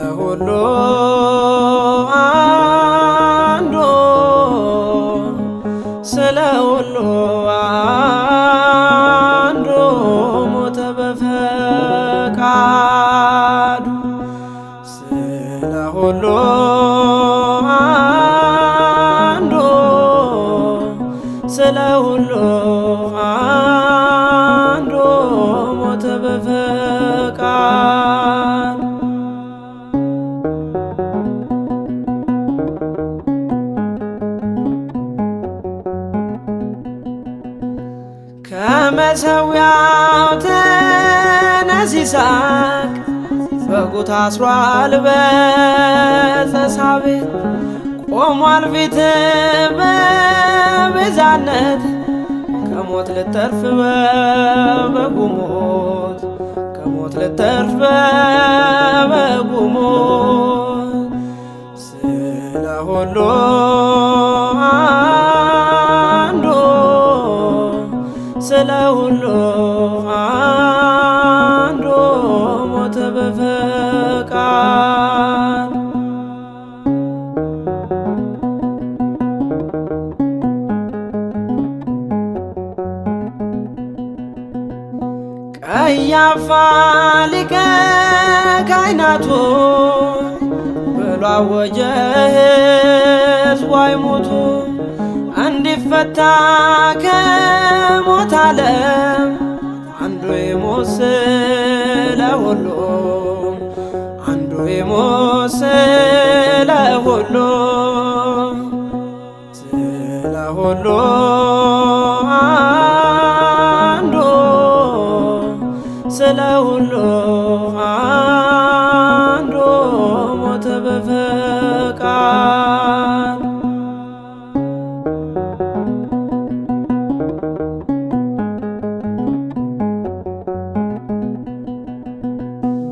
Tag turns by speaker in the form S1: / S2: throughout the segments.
S1: ለሁሉ አንዱ ስለ ሁሉ አንዱ ሞተ በፈቃዱ ስለ ሁሉ አንዱ ስለ ሁሉ
S2: ከመሰዊያው ተነሲሳክ በጉ ታስሯል በተሳቤት ቆሟል ፊት በቤዛነት ከሞት ልተርፍ በበጉ ሞት ከሞት ልተርፍ በበጉ ሞት ስለ ሁሉ ስለ ሁሉ አንዱ ሞተ በፈቃድ
S3: ቀያፋ ሊቀ ካህናቱ ብሎ አወጀ ሕዝቡ አይሙቱ ፈታ ከሞት ዓለም አንዱ የሞት ስለሁሉም አንዱ የሞት ስለሁሉም ስለሁሉም አንዱ ስለሁሉም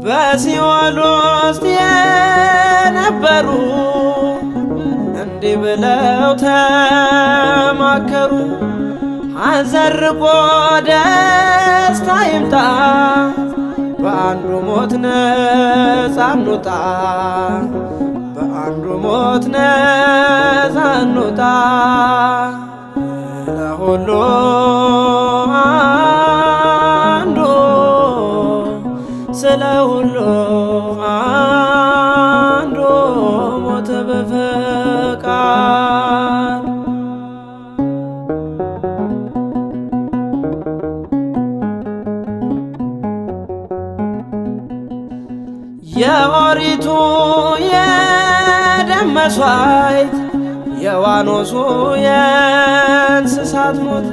S4: በሲኦል ውስጥ የነበሩ እንዲህ ብለው ተማከሩ፣ አዘርቆ ደስታ ይምጣ፣ በአንዱ ሞት ነፃ እንውጣ፣ በአንዱ ሞት ነፃ እንውጣ ለሁሉ ለሁሉ አንዱ ሞተ በፈቃድ
S5: የኦሪቱ የደም መሥዋዕት የዋኖሱ የእንስሳት ሞት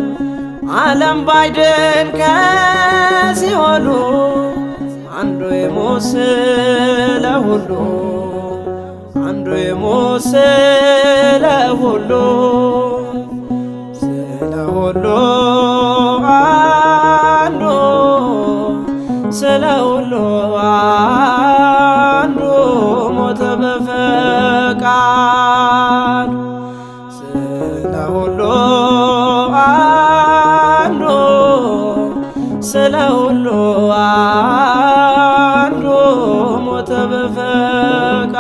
S5: ዓለም ባይድን ከሲኦሉ አንዱ የሞት ለሁሉ አንዱ የሞት ስለሁሉ ስለሁሉ አንዱ ስለሁሉ አንዱ ሞተ በፈቃድ ስለሁሉ አንዱ ስለሁሉ ሞተ በፈቃድ